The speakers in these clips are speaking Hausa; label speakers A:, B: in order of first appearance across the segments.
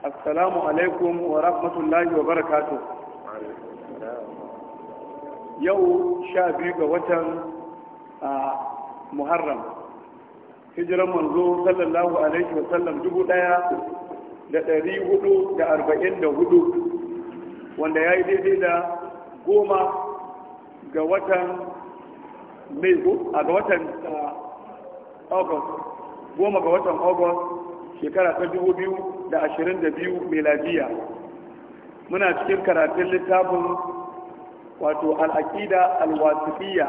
A: Asalamu alaikum wa rahmatullahi wa barakatu yau sha biyu ga watan muharram hijiran manzo sallallahu alaihi wa sallam dubu daya da dari hudu da arba'in da hudu wanda ya yi daidai da goma ga watan mai shekara ta dubu biyu da ashirin da biyu meladiya muna cikin karatun littafin wato al'aƙida alwasifiyya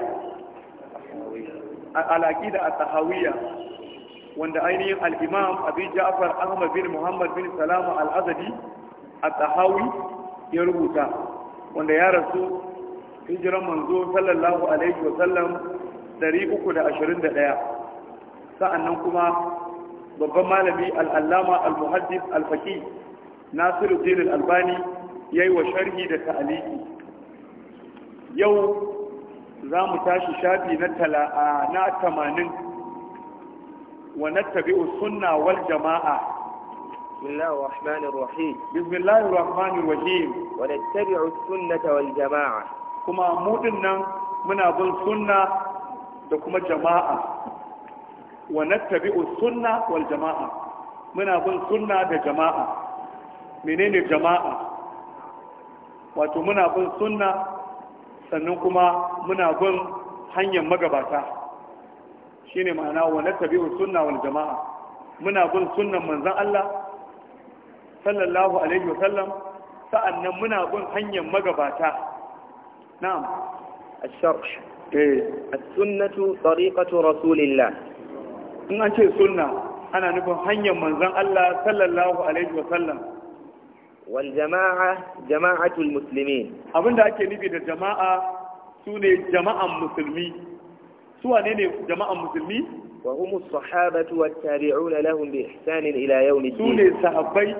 A: al'aƙida a tahawiyya wanda ainihin al'imam abin ja'afar ahmad bin muhammad bin salama al'azadi a tahawi ya rubuta wanda ya rasu hijiran manzo sallallahu alaihi wasallam 321 sa'annan kuma babban malami al'allama al-muhaddis al-faqih nasiruddin al-albani yi wa sharhi da ta'aliki yau za mu tashi shafi na tala'a na tamanin wa nattabi'u sunna wal jama'a بسم الله الرحمن Wa na الله الرحمن الرحيم ونتبع السنة والجماعة nan muna bin أبو da kuma jama'a. wa nattabi'u sunna wal jama'a muna bin sunna da jama'a menene jama'a wato muna bin sunna sannan kuma muna bin hanyar magabata shine ma'ana wa nattabi'u sunna wal jama'a muna bin sunnan manzon Allah sallallahu alaihi wa sallam sa'annan muna bin hanyar magabata na'am الشرح السنة طريقة رسول الله in an ce sunna ana nufin hanyar manzan Allah sallallahu alaihi wa sallam wal jama'a jama'atul muslimin abinda ake nufi da jama'a sune jama'an musulmi su wane ne jama'an musulmi wa hum as-sahabatu wat-tabi'una lahum bi ihsan ila yawm ad-din sune sahabbai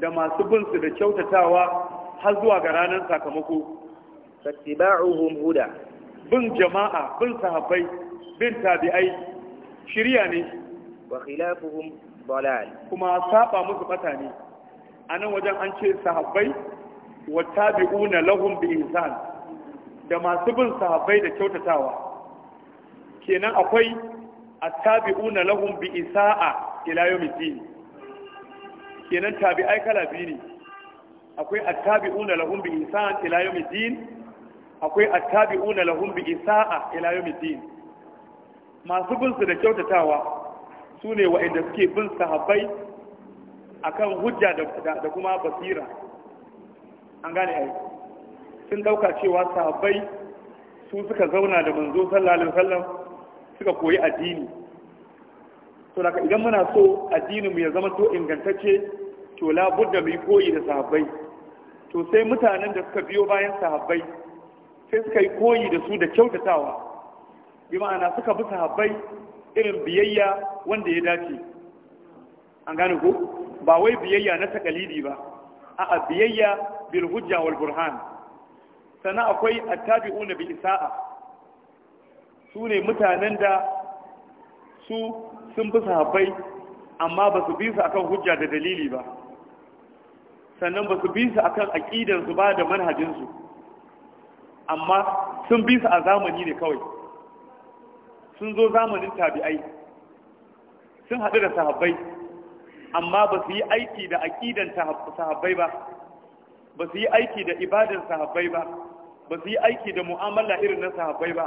A: da masu bin su da kyautatawa har zuwa ga ranar sakamako fattiba'uhum huda bin jama'a bin sahabbai bin tabi'ai shirya ne wa khilafuhum dalal kuma saba musu bata ne anan wajen an ce sahabbai wa tabi'una lahum bi ihsan da masu bin sahabbai da kyautatawa kenan akwai attabi'una lahum bi isa'a ila yawmiddin kenan tabi'ai kala biyu ne akwai attabi'una lahum bi ihsan ila yawmiddin akwai attabi'una lahum bi isa'a ila yawmiddin masu bin su da kyautatawa su ne inda suke bin sahabbai kan hujja da kuma basira an gane ai sun dauka cewa sahabbai su suka zauna da manzo sallalin suka koyi addini to daga idan muna so addininmu ya zama to ingantacce to la budda mu koyi da sahabbai to sai mutanen da suka biyo bayan sahabbai sai suka yi koyi da su da kyautatawa bi ma'ana suka bi sahabbai irin biyayya wanda ya dace an gane ko ba wai biyayya na takalidi ba a'a biyayya bil hujja wal burhan sannan akwai attabi'una bi isa'a su ne mutanen da su sun bi sahabbai amma ba su bi su akan hujja da dalili ba sannan ba su bi su akan aƙidansu ba da manhajinsu amma sun bi su a zamani ne kawai sun zo zamanin tabi'ai sun haɗu da sahabbai amma ba su yi aiki da aƙidan sahabbai ba ba su yi aiki da ibadan sahabbai ba ba su yi aiki da mu'amala irin na sahabbai ba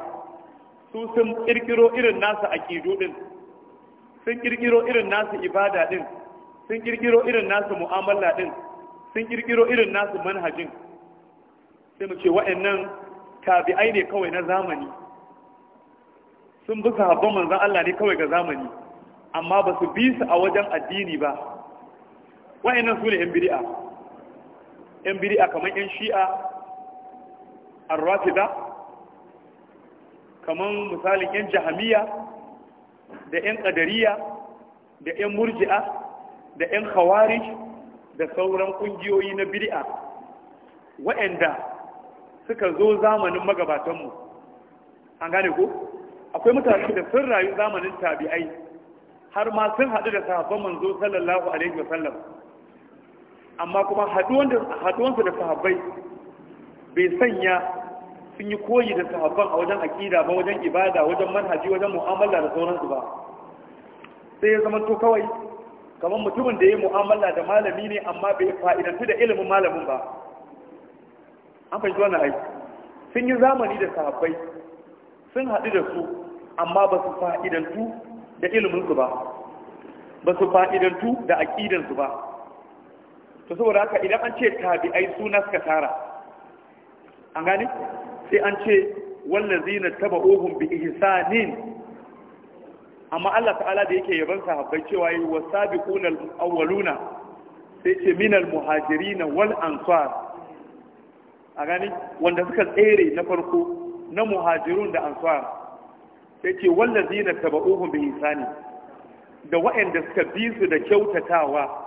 A: su sun ƙirƙiro irin nasu aƙidu ɗin sun ƙirƙiro irin nasu ibada ɗin sun ƙirƙiro irin nasu mu'amala ɗin sun ƙirƙiro irin nasu manhajin sai mu ce wa'annan tabi'ai ne kawai na zamani sun bi sahabban manzan Allah ne kawai ga zamani amma ba su bi su a wajen addini ba wa'annan su ne yan bid'a yan biri'a kamar yan shi'a ar-rafida kamar misalin yan jahamiya da yan qadariya da yan murji'a da yan khawarij da sauran kungiyoyi na bid'a wa'anda suka zo zamanin magabatanmu an gane ko akwai mutane da sun rayu zamanin tabi'ai har ma sun haɗu da sahabban manzo sallallahu alaihi wasallam amma kuma haɗuwansu da sahabbai bai sanya sun yi koyi da sahabban a wajen akida ba wajen ibada wajen manhaji wajen mu'amala da sauransu ba sai ya zama to kawai kamar mutumin da ya yi mu'amala da malami ne amma bai fa'idantu da ilimin malamin ba an fahimci wannan aiki sun yi zamani da sahabbai sun haɗu da su amma ba su fa'idantu da iliminsu ba ba su fa'idantu da aƙidansu ba to saboda haka idan an ce tabi'ai suna suka tara an gani sai an ce wannan taba ohun bi ihsanin amma Allah ta'ala da yake yaban sahabbai cewa yi wa sabiqunal awwaluna sai ce muhajiri muhajirin wal ansar a gani wanda suka tsere na farko na muhajirun da ansar sai ce wallazi na taba'uhum bi ne. da wa'anda suka bi su da kyautatawa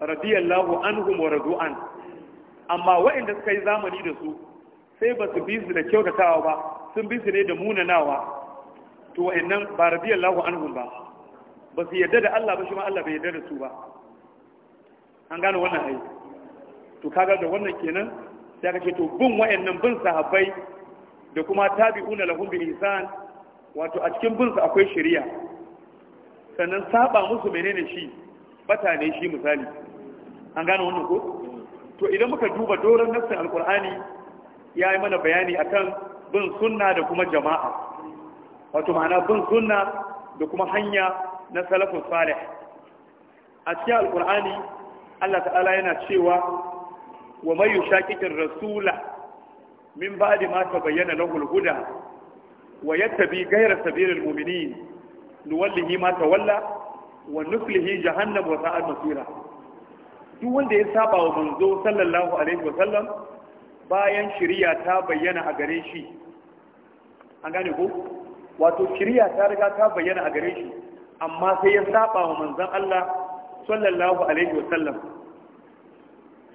A: radiyallahu anhum wa radu'an amma wa'anda suka yi zamani da su sai ba su bi su da kyautatawa ba sun bi su ne da munanawa to wa'annan ba radiyallahu anhum ba ba su yadda da Allah ba shi ma Allah bai yadda da su ba an gane wannan ai to kaga da wannan kenan sai ka ce to bin wa'annan bin sahabbai da kuma tabi'una lahum bi ihsan wato a cikin bin su akwai shari'a sannan saba musu menene shi bata ne shi misali an gane wannan ko to idan muka duba doron nassin alkur'ani ya yi mana bayani akan bin sunna da kuma jama'a wato ma'ana bin sunna da kuma hanya na salafin salih a cikin alkur'ani Allah ta'ala yana cewa wa mai shaƙiƙin rasula min ba da ma bayyana lahul huda wa yattabi ghayra sabilil mu'minin nuwallihi ma tawalla wa nuflihi jahannam wa sa'at masira duk wanda ya saba wa manzo sallallahu alaihi wa sallam bayan shari'a ta bayyana a gare shi an gane ko wato shari'a ta riga ta bayyana a gare shi amma sai ya saba wa manzon Allah sallallahu alaihi wa sallam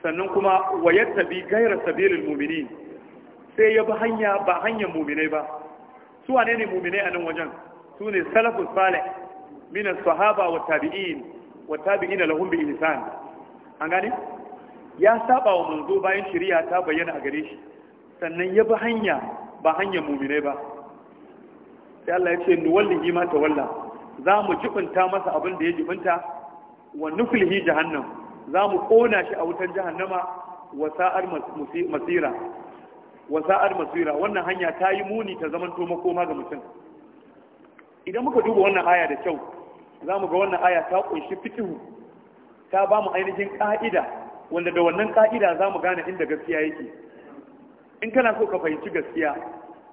A: sannan kuma wa yattabi ghayra sabilil mu'minin sai ya bi hanya ba hanyar mu'minai ba su wane ne mu'minai a nan wajen su ne salafus salih min as-sahaba wa tabi'in wa tabi'ina lahum bi ihsan an gani. ya saba wa manzo bayan shari'a ta bayyana a gare shi sannan ya bi hanya ba hanyar mu'minai ba sai Allah ya ce ni wallahi ma tawalla za mu jibinta masa abin da ya jibinta wa nuflihi jahannam za mu kona shi a wutan jahannama wa sa'ar masira wa sa'ar masira wannan hanya ta yi muni ta zaman to makoma ga mutum idan muka duba wannan aya da kyau za mu ga wannan aya ta kunshi fikihu ta ba mu ainihin ka'ida wanda da wannan ka'ida za mu gane inda gaskiya yake in kana so ka fahimci gaskiya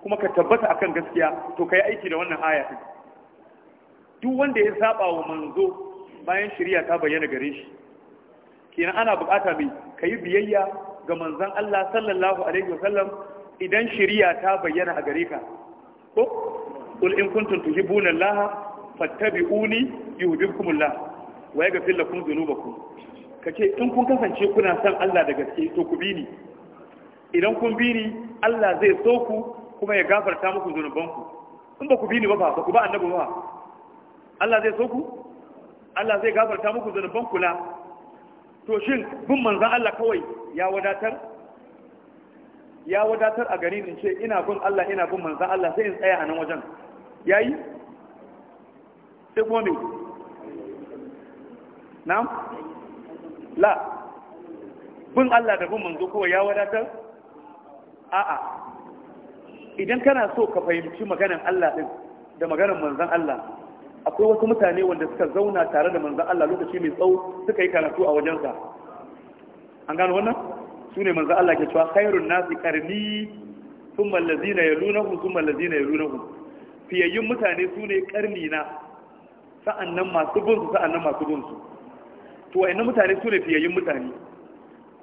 A: kuma ka tabbata akan gaskiya to ka yi aiki da wannan aya ta. duk wanda ya saba wa manzo bayan shirya ta bayyana gare shi kenan ana bukata mai ka yi biyayya ga manzon Allah sallallahu alaihi wasallam idan shiriya ta bayyana a gare ka ko qul in kuntum tuhibbuna allaha fattabi'uni yuhibbukumullah wa ya yaghfir ku? Ka ce in kun kasance kuna son Allah da gaske to ku bi ni idan kun bi ni Allah zai so ku kuma ya gafarta muku zunubanku in ba ku bi ni ba ba ku ba annabu ba Allah zai so ku Allah zai gafarta muku zunubanku la to shin bin manzan Allah kawai ya wadatar ya wadatar a gari in ce ina bin Allah ina bin manza Allah sai in tsaya a nan wajen yayi sai kuma me Nam? la bin Allah da bin manzo kowa ya wadatar a'a idan kana so ka fahimci maganar Allah din da maganar manzan Allah akwai wasu mutane wanda suka zauna tare da manzan Allah lokaci mai tsawo suka yi karatu a wajensa an gano wannan su ne manzo Allah ke cewa khairun nasi karni sun mallazi na yalunahu sun mallazi na yalunahu fiyayyun mutane su ne karni na sa'annan masu bunsu sa'annan masu bunsu to wayannan mutane su ne fiyayyun mutane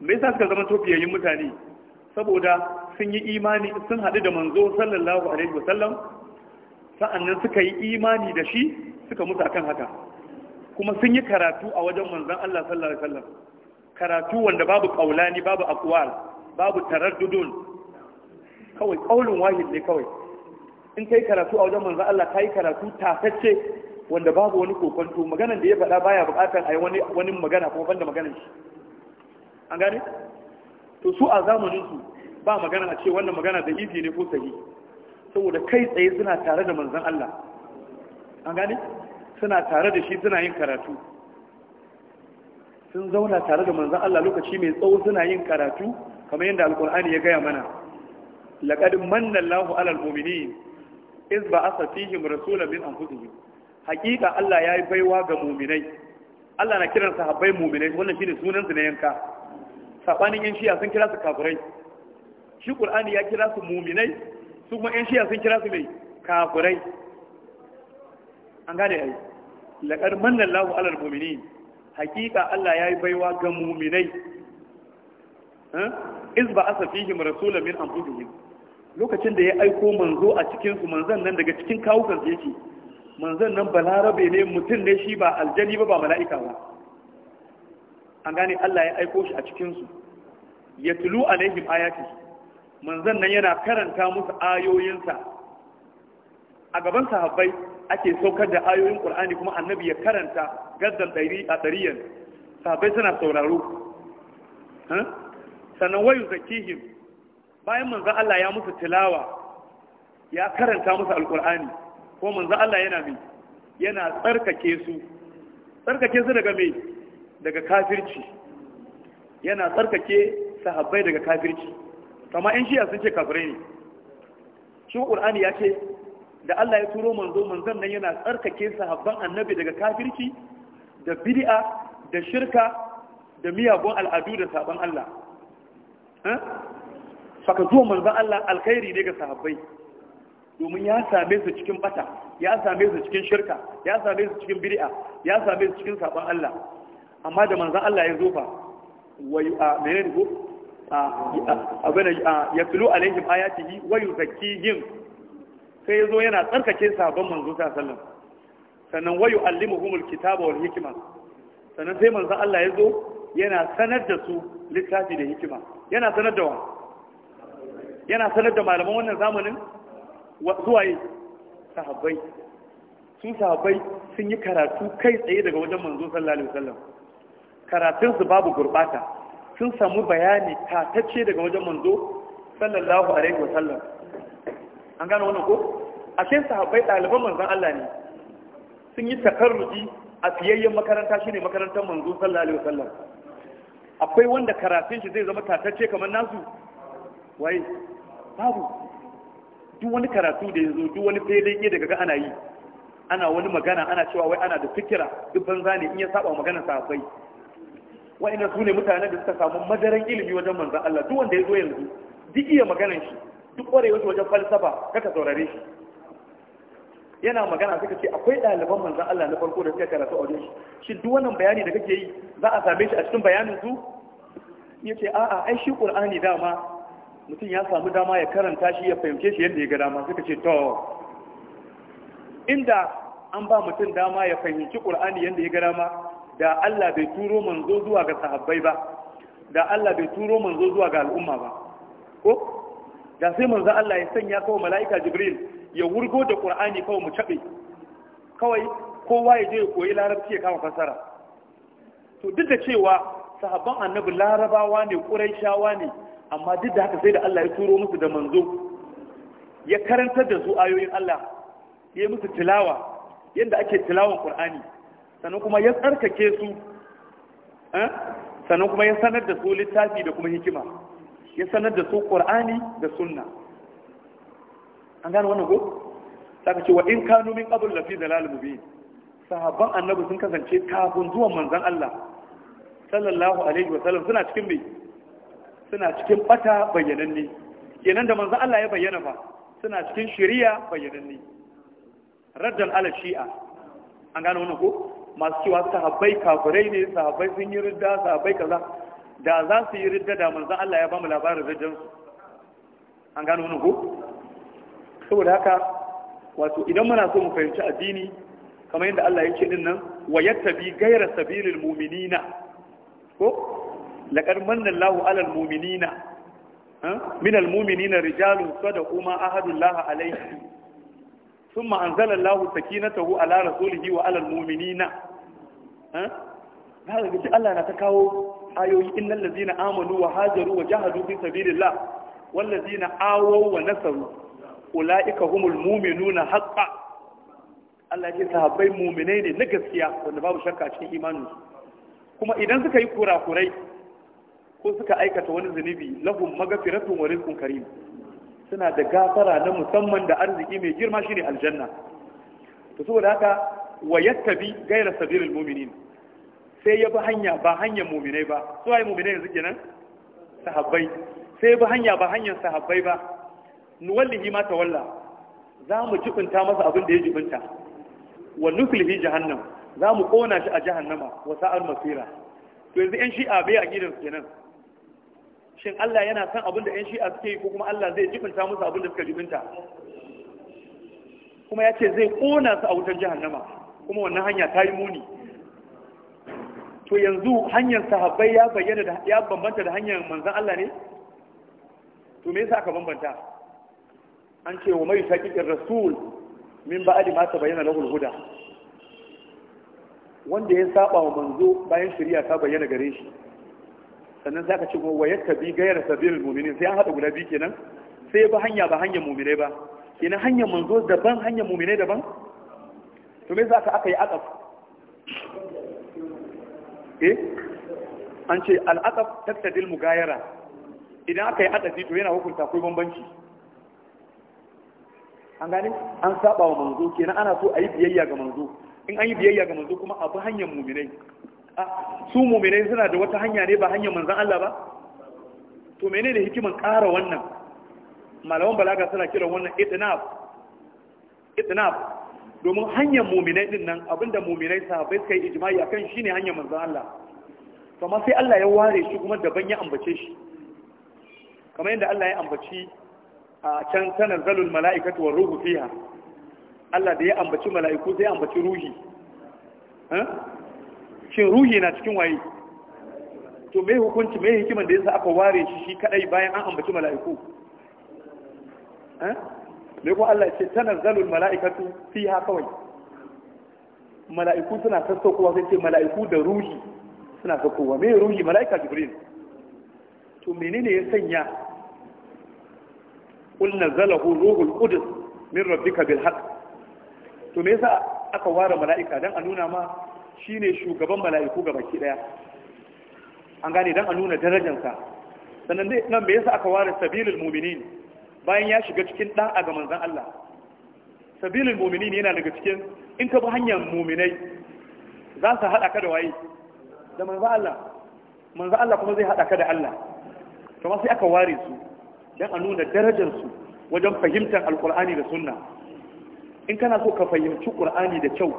A: me yasa suka zama to fiyayyun mutane saboda sun yi imani sun haɗu da manzo sallallahu alaihi wasallam sa'annan suka yi imani da shi suka mutu akan haka kuma sun yi karatu a wajen manzon Allah sallallahu alaihi wasallam karatu wanda babu kaulani babu aqwal babu taraddudun kawai kaulun wahid ne kawai in kai karatu a wajen manzo Allah kai karatu tafacce wanda babu wani kokonto maganan da ya faɗa baya buƙatar ai wani wani magana kuma banda maganar shi an gane to su a zamanin su ba magana a ce wannan magana da izi ne ko sahi saboda kai tsaye suna tare da manzon Allah an gane suna tare da shi suna yin karatu sun zauna tare da manzan Allah lokaci mai tsawo suna yin karatu kamar yadda alkur'ani ya gaya mana laqad manna Allahu 'alal mu'minin iz ba'atha fihim rasulan min anfusihim Hakika Allah ya yi baiwa ga mu'minai Allah na kiran sahabbai mu'minai wannan shine sunan su na yanka sabanin yan shiya sun kira su kafirai shi qur'ani ya kira su mu'minai su kuma yan shiya sun kira su mai kafirai an gane ai laqad manna Allahu 'alal mu'minin hakika Allah ya yi baiwa ga muminai iz ba asa fihim rasulan min anfusihim lokacin da ya aiko manzo a cikinsu manzan nan daga cikin kawukan su yake manzan nan balarabe ne mutum ne shi ba aljani ba ba mala'ika ba an gane Allah ya aiko shi a cikin su yatlu alaihim ayati manzan nan yana karanta musu ayoyinsa a gaban sahabbai ake saukar da ayoyin qur'ani kuma annabi ya karanta gaddan ɗari a ɗariyan sabai suna sauraro sannan wayu zakihim bayan manzo Allah ya musu tilawa ya karanta musu alqur'ani ko manzo Allah yana mai yana tsarkake su tsarkake su daga mai daga kafirci yana tsarkake sahabbai daga kafirci kama in shiya sun ce kafirai ne shi ƙur'ani ya ce da Allah ya turo manzo manzon nan yana tsarkake sahabban annabi daga kafirci da bid'a da shirka da miyagun al'adu da sabon Allah saka zuwa manzon Allah alkhairi ne ga sahabbai domin ya same su cikin bata ya same su cikin shirka ya same su cikin bid'a ya same su cikin sabon Allah amma da manzon Allah ya zo fa wayu a menene ko a abana ya tulu alaihim ayatihi wa yuzakkihim sai ya zo yana tsarkake sabon manzo sa sallam sannan wayu allimuhumul kitaba wal hikima sannan sai manzo Allah ya zo yana sanar da su littafi da hikima yana sanar da wa yana sanar da malaman wannan zamanin zuwaye sahabbai su sahabbai sun yi karatu kai tsaye daga wajen manzo sallallahu alaihi wasallam karatun su babu gurbata sun samu bayani tatacce daga wajen manzo sallallahu alaihi wasallam an gano wannan ko A ashe sahabbai ɗaliban manzon Allah ne sun yi takarruji a fiyayyen makaranta shine makarantar manzo sallallahu alaihi wasallam akwai wanda karatun shi zai zama tatacce kamar nasu waye babu duk wani karatu da yazo duk wani fayyadin ke daga ga ana yi ana wani magana ana cewa wai ana da fikira duk banza ne in ya saba maganar sahabbai wa'annan su ne mutanen da suka samu madaran ilimi wajen manzon Allah duk wanda ya zo yanzu duk iya maganar shi duk ƙwarewar wasu wajen falsafa kaka saurare shi yana magana suka ce akwai ɗaliban manzan Allah na farko da suka karatu a wajen shi shi duk wannan bayani da kake yi za a same shi a cikin bayanin su ya ce a'a ai shi ƙur'ani dama mutum ya samu dama ya karanta shi ya fahimce shi yadda ya ga dama suka ce to inda an ba mutum dama ya fahimci ƙur'ani yadda ya ga dama da Allah bai turo manzo zuwa ga sahabbai ba da Allah bai turo manzo zuwa ga al'umma ba ko ga sai manzo Allah ya sanya kawai mala'ika Jibril ya wurgo da Qur'ani kawai mu cabe kawai kowa ya je ya koyi larabci ya kama fasara to duk da cewa sahabban annabi larabawa ne quraishawa ne amma duk da haka sai da Allah ya turo musu da manzo ya karantar da su ayoyin Allah ya musu tilawa yadda ake tilawan Qur'ani sannan kuma ya tsarkake su eh? sannan kuma ya sanar da su littafi da kuma hikima ya sanar da su qur'ani da sunna an gane wannan ko saka ce wa in kanu min qabl la fi dalal mubin sahabban annabi sun kasance kafin zuwan manzon Allah sallallahu alaihi wa sallam suna cikin mai suna cikin bata bayyananne kenan da manzon Allah ya bayyana fa suna cikin shari'a bayyananne raddan ala shi'a an gane wannan ko masu cewa sahabbai kafirai ne sahabbai sun yi ridda sahabbai kaza da za su yi ridda da manzan Allah ya ba mu labarin riddansu an gano wani ko saboda haka wato idan muna so mu fahimci addini kamar yadda Allah ya ce din nan wa tabi gaira sabirin mu'minina ko laƙar mannan lahu 'alal mu'minina min al mu'minina rijalun sadaqu ma ahadullahi alayhi thumma anzala Allahu sakinatahu 'ala rasulihi wa 'alal mu'minina haka gaji Allah na ta kawo ayoyi inna lazina amanu wa hajaru wa jahadu fi sabilillah wal ladzina awaw wa nasaru ulaika humul mu'minuna Allah ya ce sahabbai mu'minai ne na gaskiya wanda babu shakka cikin imani kuma idan suka yi kurakurai ko suka aikata wani zunubi lahum maghfiratun wa rizqun karim suna da gafara na musamman da arziki mai girma shine aljanna to saboda haka wa yattabi ghayra sabilil mu'minin sai ya bi hanya ba hanyar muminai ba su waye muminai yanzu kenan sahabbai sai ya bi hanya ba hanyar sahabbai ba nuwallihi ma ta walla. za mu jibinta masa abin da ya jibinta wa nuklihi jahannam za mu kona shi a jahannama wa sa'ar masira to yanzu yan shi'a bai a gidan kenan shin Allah yana san abin da yan shi'a suke yi ko kuma Allah zai jibinta musu abin da suka jibinta kuma ya ce zai kona su a wutar jahannama kuma wannan hanya ta yi muni
B: to yanzu hanyar sahabbai ya
A: bayyana da ya bambanta da hanyar manzon Allah ne to me yasa aka bambanta an ce wa mai taqiqir rasul min ba'di ma ta bayyana lahul huda wanda ya saba wa manzo bayan shari'a ta bayyana gare shi sannan zaka ce wa bi ghayra sabilil mu'minin sai an hada guda biyu kenan sai ba hanya ba hanyar mu'minai ba kenan hanyar manzo daban hanyar mu'minai daban to me yasa aka yi aqaf eh an ce al'adab taktadil mugayara idan aka yi adadi to yana hukunta kai bambanci an gane an saba wa manzo kenan ana so a yi biyayya ga manzo in an yi biyayya ga manzo kuma a abu hanyar muminai su muminai suna da wata hanya ne ba hanyar manzan Allah ba to menene hikiman ƙara wannan malaman balaga suna kiran wannan itnaf itnaf domin hanyar muminai din nan abinda muminai sahabbai suka yi ijma'i akan shine hanyar manzon Allah kamar sai Allah ya ware shi kuma daban ya ambace shi kamar yadda Allah ya ambaci a can sanar zalul mala'ikatu war ruhu fiha Allah da ya ambaci mala'iku sai ya ambaci ruhi shin ruhi na cikin waye to me hukunci me hikiman da yasa aka ware shi shi kadai bayan an ambaci mala'iku me ko Allah ce tanazzalul mala'ikatu fiha kawai mala'iku suna sassaukowa sai ce mala'iku da ruhi suna sassaukowa me ruhi mala'ika jibril to menene ya sanya kul nazalahu ruhul qudus min rabbika bil haqq to me yasa aka ware mala'ika dan a nuna ma shine shugaban mala'iku ga baki daya an gane dan a nuna darajarsa sannan dai nan me yasa aka ware sabilul mu'minin bayan ya shiga cikin a ga manzan Allah sabilin muminin yana daga cikin in ka bi hanyar muminai za su haɗa ka da waye da manzan Allah manzan Allah kuma zai haɗa ka da Allah kuma sai aka ware su don a nuna darajar su wajen fahimtar alkur'ani da sunna in kana so ka fahimci qur'ani da kyau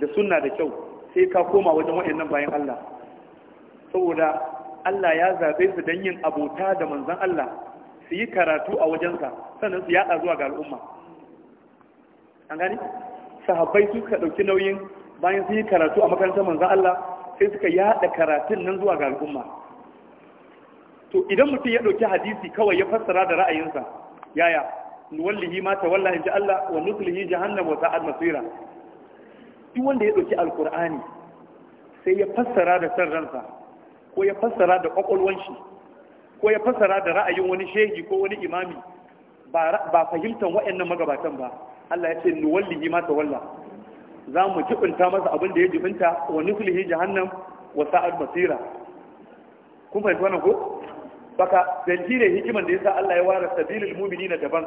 A: da sunna da kyau sai ka koma wajen waɗannan bayan Allah saboda Allah ya zabe su don yin abota da manzan Allah su yi karatu a wajensa sannan su yada zuwa ga al'umma an gani sahabbai su ka dauki nauyin bayan sun yi karatu a makarantar manzon Allah sai suka yada karatun nan zuwa ga al'umma to idan mutum ya dauki hadisi kawai ya fassara da ra'ayinsa yaya wallahi ma ta wallahi ji Allah wa nuslihi jahannam wa sa'ad masira duk wanda ya dauki alqur'ani sai ya fassara da san ko ya fassara da kwakwalwan shi ko ya fassara da ra'ayin wani shehi ko wani imami ba fahimtar waɗannan magabatan ba Allah ya ce ni wallihi mata walla. za mu jibinta masa abin da ya jibinta wa nuflihi jahannam wa sa'ad masira kun fahimci wannan ko baka dalili da hikiman da yasa Allah ya ware sabilul mu'minina daban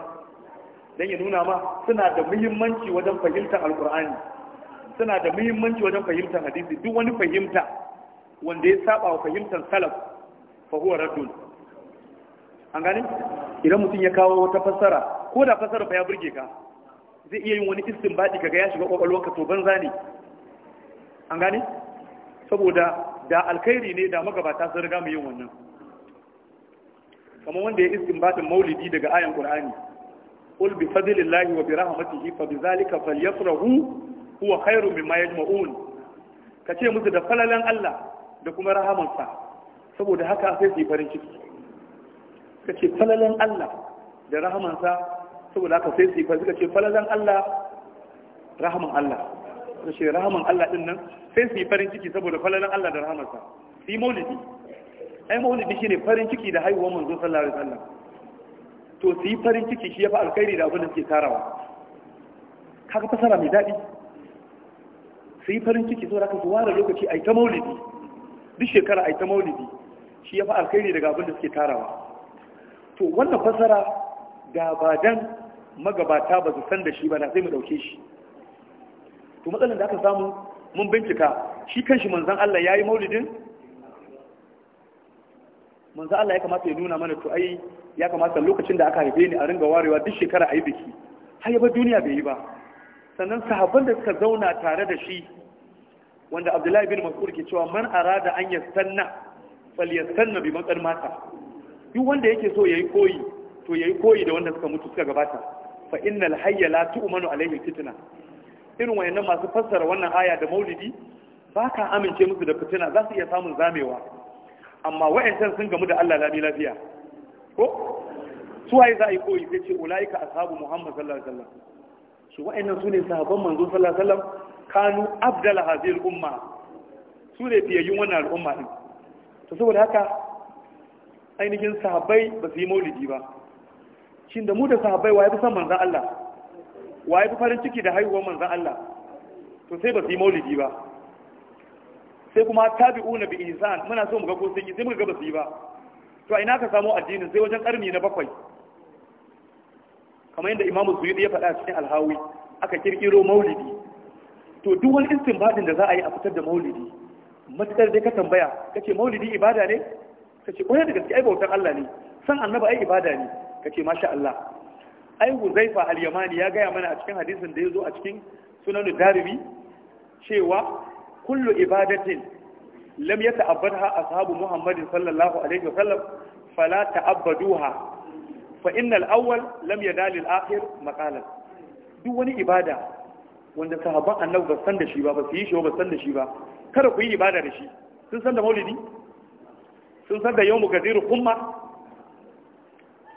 A: dan ya nuna ma suna da muhimmanci wajen fahimtar alqur'ani suna da muhimmanci wajen fahimtar hadisi duk wani fahimta wanda ya saba wa fahimtar salaf fa huwa an gane idan mutum ya kawo wata fassara ko da fassara fa ya burge ka zai iya yin wani baɗi kaga ya shiga kwakwalwar ka to banza ne an gane saboda da alkhairi ne da magabata sun riga mu yin wannan kamar wanda ya baɗin maulidi daga ayan qur'ani qul bi fadlillahi wa bi rahmatihi fa bizalika falyafrahu huwa khairu mimma yajma'un kace musu da falalen Allah da kuma rahamansa saboda haka sai su yi farin ciki suka ce falalan Allah da rahamansa saboda haka sai su yi suka ce falalan Allah rahaman Allah suka ce rahaman Allah din nan sai su yi farin ciki saboda falalan Allah da rahamansa su yi maulidi ai maulidi ne farin ciki da haihuwar manzo sallallahu alaihi wasallam to su yi farin ciki shi ya fa alkhairi da abin da suke tarawa kaga fasara mai daɗi su yi farin ciki saboda haka ware lokaci ai ta maulidi duk shekara ai ta maulidi shi ya fa alkhairi daga abin da suke tarawa to wannan fasara da ba dan magabata ba su san da shi ba na, sai mu dauke shi to matsalar da aka samu mun bincika shi kanshi manzon Allah yayi maulidin manzon Allah ya kamata ya nuna mana to ai ya kamata lokacin da aka haife ni a ringa warewa duk shekara ayi biki har ba duniya bai yi ba sannan sahabban da suka zauna tare da shi wanda Abdullahi bin Mas'ud ke cewa man arada an yastanna falyastanna bi maqar mata duk wanda yake so yayi koyi to yayi koyi da wanda suka mutu suka gabata fa innal hayya la tu'manu alaihi fitna irin wayannan masu fassara wannan aya da maulidi ba ka amince musu da fitina za su iya samun zamewa amma wayancan sun gamu da Allah lami lafiya ko su waye za a yi koyi sai ce ulaika ashabu muhammad sallallahu alaihi wasallam su wayannan sune sahabban manzo sallallahu alaihi wasallam kanu abdal hadhihi umma su ne fiyayyun wannan al'umma din to saboda haka ainihin sahabbai ba su yi maulidi ba shin da mu da sahabbai ya fi san manzan Allah Wa ya fi farin ciki da haihuwar manzan Allah to sai ba su yi maulidi ba sai kuma tabi'una bi insan muna so mu ga ko sun yi sai muka ga ba su yi ba to a ina ka samu addinin sai wajen karni na bakwai kamar yadda imamu suyuɗi ya faɗa cikin alhawi aka kirkiro maulidi to duk wani istinbadin da za a yi a fitar da maulidi matuƙar dai ka tambaya kace maulidi ibada ne ce ko da gaske ai bautar Allah ne san annabi ai ibada ne Ka ce masha Allah ai Huzaifa al-Yamani ya gaya mana a cikin hadisin da ya zo a cikin sunan Darimi cewa kullu ibadatin lam yata'abbadha ashabu Muhammadin sallallahu alaihi wasallam fala ta'abbaduha fa innal awwal lam yadal al-akhir maqalan duk wani ibada wanda sahabban annabi ba san da shi ba ba su yi shi ba san da shi ba kada ku yi ibada da shi sun san da maulidi sun san da yau mu gaziru kuma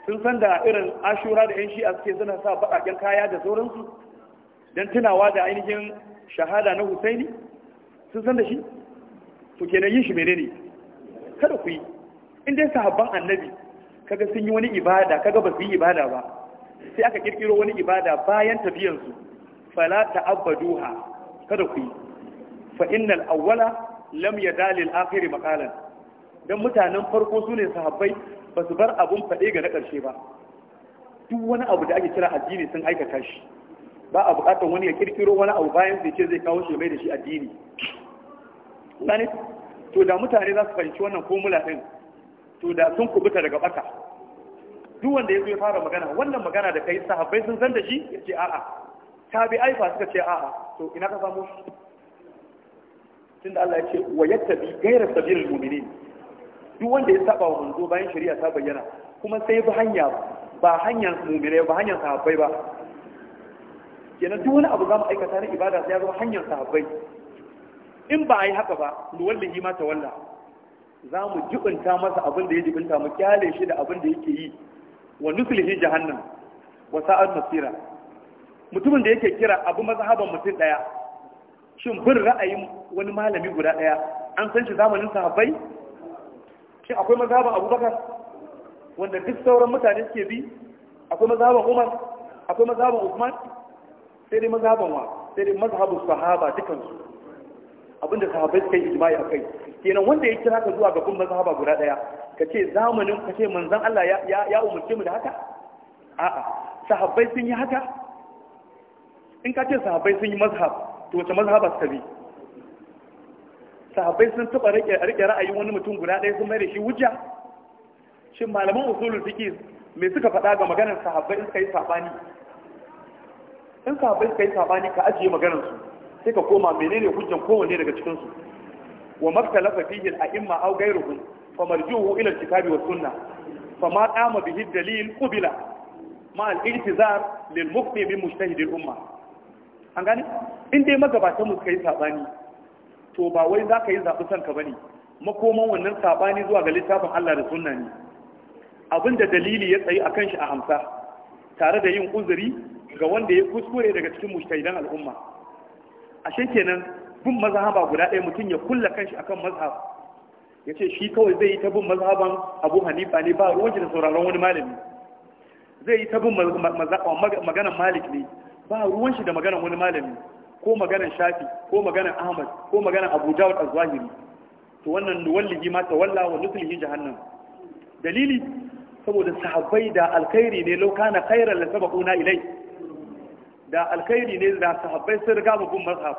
A: sun san da irin ashura da 'yan shi'a suke suna sa baƙaƙen kaya da sauransu don tunawa da ainihin shahada na husaini sun san da shi to kenan yin shi menene kada ku yi in dai sahabban annabi kaga sun yi wani ibada kaga ba su yi ibada ba sai aka kirkiro wani ibada bayan tafiyansu fala ha kada ku yi fa innal awwala lam yadalil akhiri maqalan don mutanen farko su ne sahabbai ba su bar abun faɗe ga na ƙarshe ba duk wani abu da ake kira addini sun aikata shi ba a buƙatar wani ya kirkiro wani abu bayan sai ce zai kawo shi mai da shi addini gane to da mutane za su fahimci wannan formula ɗin to da sun kubuta daga ɓata duk wanda ya zo ya fara magana wannan magana da kai sahabbai sun san da shi ya ce a'a tabi aifa suka ce a'a to ina ka samu tunda Allah ya ce wa yattabi ghayra sabilil mu'minin duk wanda ya saba wa manzo bayan shari'a ta bayyana kuma sai bi hanya ba hanyar mumire ba hanyar sahabbai ba kenan duk wani abu za mu aikata na ibada sai ya zama hanyar sahabbai in ba a yi haka ba wallahi ma ta walla za mu jibinta masa abin da ya jibinta mu kyale shi da abin da yake yi wa nuslihi jahannam wa sa'ar masira mutumin da yake kira abu mazhaban mutum daya shin bin ra'ayin wani malami guda daya an san shi zamanin sahabbai shi akwai mazhaban abubakar wanda duk sauran mutane suke bi akwai mazhaban umar akwai mazhaban usman sai dai mazhaban wa sai dai mazhabu sahaba dukansu abinda sahabai suka yi ijma'i a kai kenan wanda ya kira ka zuwa ga kun mazhaba guda daya ka ce zamanin ka ce manzon Allah ya ya umurce mu da haka a'a sahabbai sun yi haka in ka ce sahabbai sun yi mazhab to wace mazhaba suka bi sahabbai sun taba rike ra'ayin wani mutum guda ɗaya sun mai da shi hujja shin malaman usulul fiqh me suka faɗa ga maganar sahabbai in suka yi sabani in sahabbai suka yi sabani ka ajiye maganar su sai ka koma menene hujjan kowanne daga cikin su wa maktalafa fihi al-a'imma aw ghayruhum famarjuhu ila al-kitabi wa sunnah fama qama bihi dalil qubila ma al zar lil muqti bi mujtahid al-umma an gane in dai magabatan mu suka yi saɓani. to ba wai za ka yi zaɓi kanka ba ne makoman wannan saɓani zuwa ga littafin Allah da sunna ne abin da dalili ya tsayi a kan shi a Amsa, tare da yin uzuri ga wanda ya kuskure daga cikin mushtaidan al'umma ashe kenan bin mazhaba guda ɗaya mutum ya kulla kanshi akan mazhab ya ce shi kawai zai yi ta bin mazhaban abu hanifa ne ba ruwanci da sauraron wani malami zai yi ta bin maganan malik ne ba ruwan shi da maganan wani malami ko maganar shafi ko maganar ahmad ko maganar abu jawar azwahiri to wannan nuwallihi ma tawalla wa nuslihi jahannan. dalili saboda sahabbai da alkhairi ne lau kana khairan la sabaquna ilai da alkhairi ne da sahabbai sun riga ma bin mazhab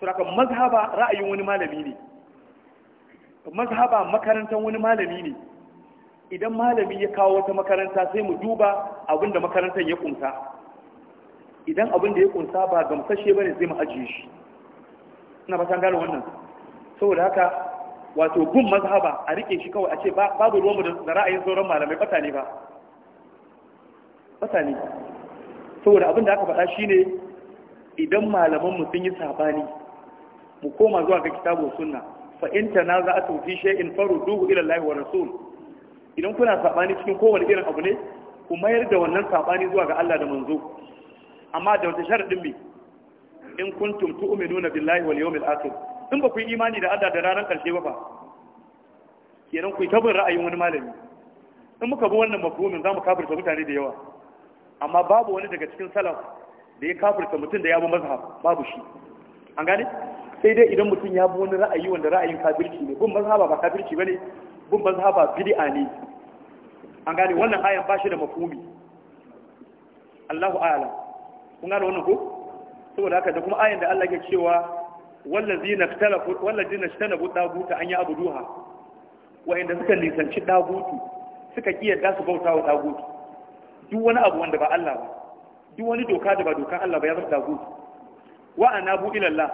A: suraka mazhaba ra'ayin wani malami ne mazhaba makarantar wani malami ne idan malami ya kawo wata makaranta sai mu duba abinda makarantar ya kunsa idan abin da ya kunsa ba gamsashe bane zai mu ajiye shi ina fatan gane wannan saboda haka wato gun mazhaba a rike shi kawai a ce babu ruwanmu da ra'ayin sauran malamai bata ba bata saboda abin da aka faɗa ne idan malaman mu sun yi sabani mu koma zuwa ga kitabu sunna fa a tanaza'atu shi in faru duhu ilan wa rasul idan kuna sabani cikin kowane irin abu ne ku mayar da wannan sabani zuwa ga Allah da manzo amma da wata sharadin me in kuntum tu'minuna billahi wal yawmil akhir in ba ku yi imani da Allah da ranar karshe ba fa kenan ku yi tabin ra'ayin wani malami in muka bi wannan mafhumin zamu kafirta mutane da yawa amma babu wani daga cikin salaf da ya kafirta mutum da ya bi mazhab babu shi an gane sai dai idan mutum ya bi wani ra'ayi wanda ra'ayin kafirci ne bin mazhaba ba kafirci bane bin mazhaba bid'a ne an gane wannan ayan ba shi da mafhumi Allahu a'lam kun gane wannan ko saboda haka da kuma ayin da Allah ke cewa wallazina ikhtalafu wallazina ishtanabu taguta an ya abuduha wa'inda suka lisanci tagutu suka kiyarda su bauta wa tagutu duk wani abu wanda ba Allah ba duk wani doka da ba dokan Allah ba ya zama tagutu wa anabu ila Allah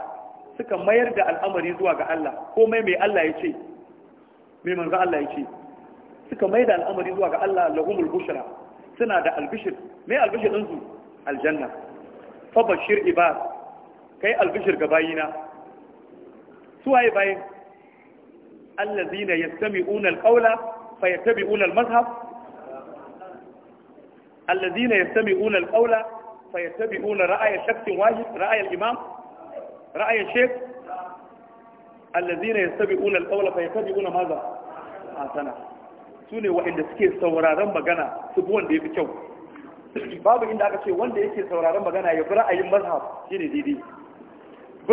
A: suka mayar da al'amari zuwa ga Allah komai mai Allah ya ce mai manzo Allah ya ce suka mayar da al'amari zuwa ga Allah lahumul bushra suna da albishir mai albishir din su aljanna Fa fabashir ibad kai albishir ga bayina su waye bayin allazina yastami'una alqawla fayattabi'una almazhab allazina yastami'una alqawla fayattabi'una ra'aya shakhsin wahid ra'aya al-imam ra'aya shaykh allazina yastabi'una alqawla fayattabi'una madha hasana sune wa'inda suke sauraron magana su bi wanda yafi kyau babu inda aka ce wanda yake sauraron magana ya bi ra'ayin mazhab shine daidai bin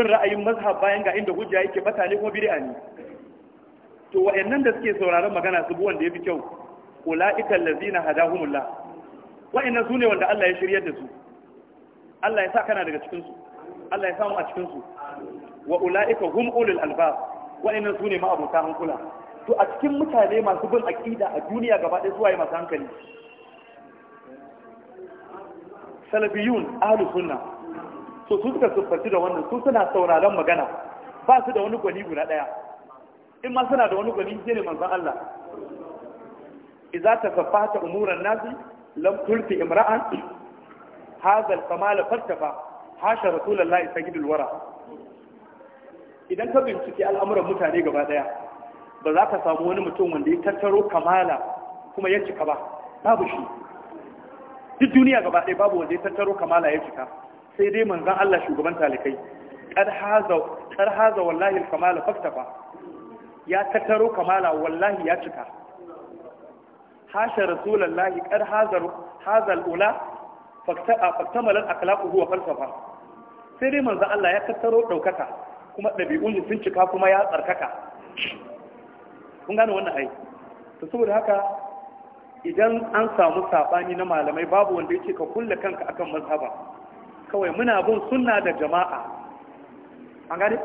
A: ra'ayin mazhab bayan ga inda hujja yake bata ne kuma bid'a ne to wa'annan da suke sauraron magana su bi wanda yafi kyau ulaika allazina hadahumullah wa'annan ne wanda Allah ya shiryar da su Allah ya sa kana daga cikin su Allah ya samu a cikin su wa ulaika hum ulul albab wa'annan ne ma abota hankula to a cikin mutane masu bin aqida a duniya gaba ɗaya su waye masu hankali Talabiyun ahlu sunna so su suka siffanci da wannan su suna sauraron magana ba su da wani gwani guda daya in ma suna da wani gwani ne manzon Allah idza tasaffata umuran nasi lam tulfi imra'an hadha al-kamal fattafa hasha rasulullahi sayyidul wara idan ka bincike al'amuran mutane gaba daya ba za ka samu wani mutum wanda ya tattaro kamala kuma ya cika ba babu shi duk duniya gaba ɗaya babu waje tattaro kamala ya cika sai dai manzan Allah shugaban talikai ƙar haza wallahi kamala faktafa ya tattaro kamala wallahi ya cika hasha rasulullahi kad haza haza al-ula faktamala al-akhlaqu huwa falsafa sai dai manzan Allah ya tattaro ɗaukaka kuma ɗabi'un sun cika kuma ya tsarkaka kun wannan ai saboda haka idan an samu saɓani na malamai babu wanda yake ka kulle kanka akan mazhaba kawai muna bin sunna da jama'a an gane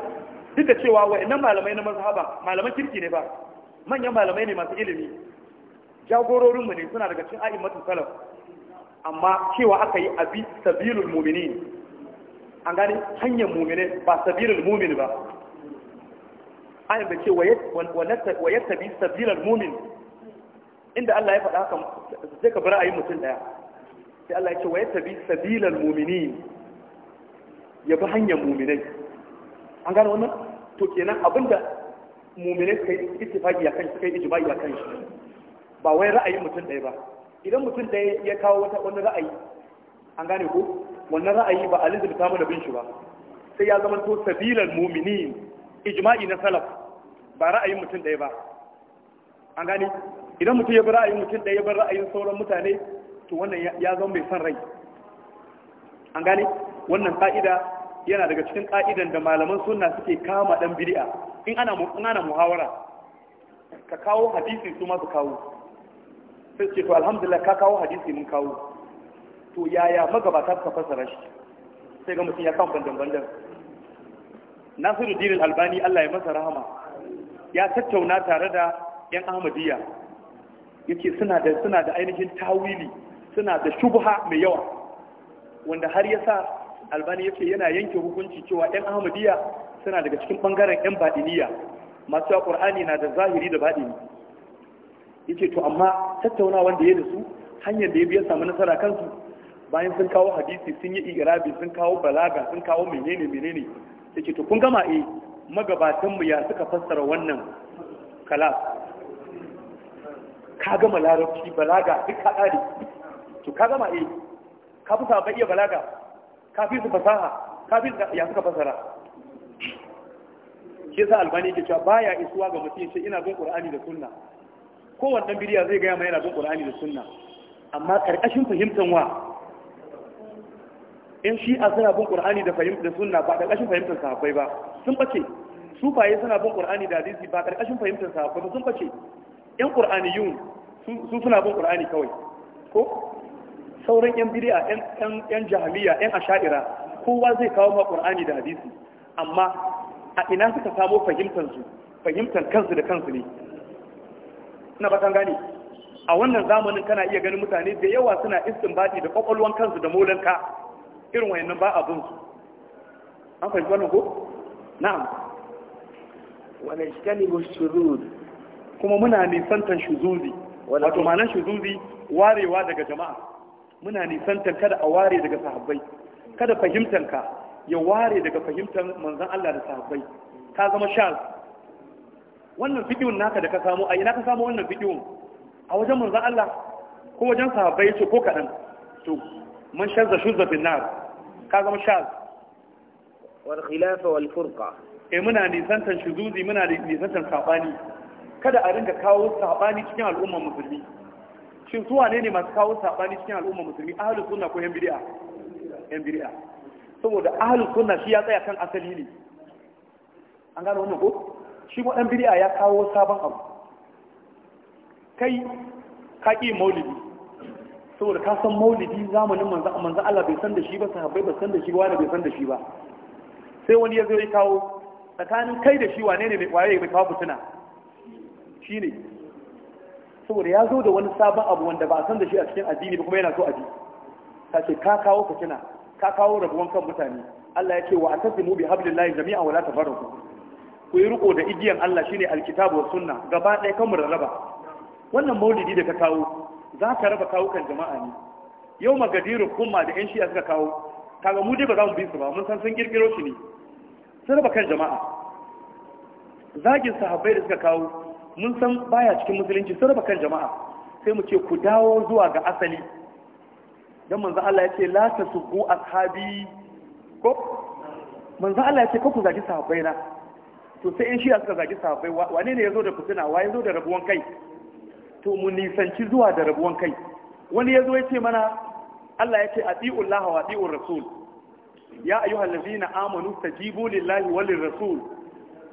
A: duk da cewa ina malamai na mazhaba malaman kirki ne ba manyan malamai ne masu ilimi jagororinmu ne suna daga cikin a'immatu salaf amma cewa aka yi abi sabilul mu'minin an gane hanyar mumini ba sabilul mumini ba ayin da ce wa yattabi sabilul mu'min inda Allah ya faɗa haka sai ka a yi mutum daya sai Allah ya ce wa ya tabi sabilan mumini ya bi hanyar mu'minai an gane wannan to kenan abinda mu'minai suka yi ittifaqi ya kan suka yi ijma'i ya kan shi ba wai ra'ayin mutum daya ba idan mutum daya ya kawo wata wani ra'ayi an gane ko wannan ra'ayi ba a lizurta mana bin shi ba sai ya zama to sabilan mumini ijma'i na salaf ba ra'ayin mutum daya ba an gane idan mutum ya bi ra'ayin mutum ɗaya ya bar ra'ayin sauran mutane to wannan ya zama mai son rai an gane wannan ka'ida yana daga cikin ka'idan da malaman sunna suke kama dan bid'a in ana in ana muhawara ka kawo hadisi su ma su kawo sai ce to alhamdulillah ka kawo hadisi mun kawo to yaya magabata suka fassara shi sai ga mutum ya kawo bandan bandan Nasiru Dinin Albani Allah ya masa rahama ya tattauna tare da yan Ahmadiyya yace suna da suna da ainihin tawili suna da shubha mai yawa wanda har yasa albani yace yana yanke hukunci cewa 'yan ahmadiyya suna daga cikin bangaren 'yan badiniya masu ya qur'ani na da zahiri da badini yace to amma tattauna wanda ya da su hanyar da ya biya samu nasara kansu bayan sun kawo hadisi sun yi irabi sun kawo balaga sun kawo menene menene yace to kun gama eh magabatan mu ya suka fassara wannan kalas ka gama larabci balaga duk ka ne, to ka gama eh ka fi sa iya balaga ka fi su fasaha ka fi ya suka fasara shi yasa albani yake cewa baya isuwa ga mutum sai ina bin qur'ani da sunna kowanne bidiya zai gaya ma yana bin qur'ani da sunna amma karkashin fahimtan wa in shi a suna bin qur'ani da sunna ba karkashin fahimtar sahabbai ba sun bace sufaye suna bin qur'ani da hadisi ba karkashin fahimtar sahabbai ba sun bace yan qur'aniyun sun suna bin qur'ani kawai ko sauran yan bid'a yan jahiliya yan asha'ira kowa zai kawo ma qur'ani da hadisi amma a ina suka samo fahimtansu fahimtar kansu da kansu ne na ba gane a wannan zamanin kana iya ganin mutane da yawa suna istinbadi da kwakwalwan kansu da molanka irin wayannan ba abin su an fahimci wannan ko na'am wa najtanibu shurud kuma muna nisantan shuzuzi wato ma'anar shuzuzi warewa daga jama'a muna nisantan kada a ware daga sahabbai kada fahimtanka ya ware daga fahimtar manzan Allah da sahabbai ka zama shaz wannan bidiyon naka da ka samu a ina ka samu wannan bidiyon a wajen manzan Allah ko wajen sahabbai ce ko kadan to man shazza shuzza bin nar ka zama shaz wal khilafa wal furqa eh muna nisantan shuzuzi muna nisantan sabani kada a ringa kawo sabani cikin al'umma musulmi shin su wane ne masu kawo sabani cikin al'umma musulmi ahlus sunna ko yan bid'a yan bid'a saboda ahlus sunna shi ya tsaya kan asali ne an gano wannan ko shi ko yan bid'a ya kawo sabon abu kai ka ki maulidi saboda ka san maulidi zamanin manzo manzo Allah bai san da shi ba sahabbai ba san da shi ba wani bai san da shi ba sai wani ya zo ya kawo tsakanin kai da shi wane ne waye bai kawo fitina ne saboda ya zo da wani sabon abu wanda ba a san da shi a cikin addini ba kuma yana so a ji ta ce ka kawo fitina ka kawo rabuwan kan mutane Allah ya ce wa atasimu bi hablillahi jami'an wala tafarruqu ku yi riko da igiyan Allah shine alkitabu wa sunna gaba ɗaya kan mu raba. wannan maulidi da ka kawo za ka raba kawukan jama'a ne yau magadirin kuma da yan shiya suka kawo kaga mu dai ba za mu bi su ba mun san sun kirkiro shi ne sun raba kan jama'a zagin sahabbai da suka kawo mun san baya cikin musulunci sun raba kan jama'a sai mu ce ku dawo zuwa ga asali don manzo Allah ya ce la tasubbu ashabi ko manzo Allah ya ce ku zagi sahabbai na to sai in shiya suka zagi sahabbai wane ne yazo da fitina wa yazo da rabuwan kai to mu nisanci zuwa da rabuwan kai wani yazo ya ce mana Allah ya ce ati'ullaha wa ati'ur rasul ya ayyuhallazina amanu tajibu lillahi walir rasul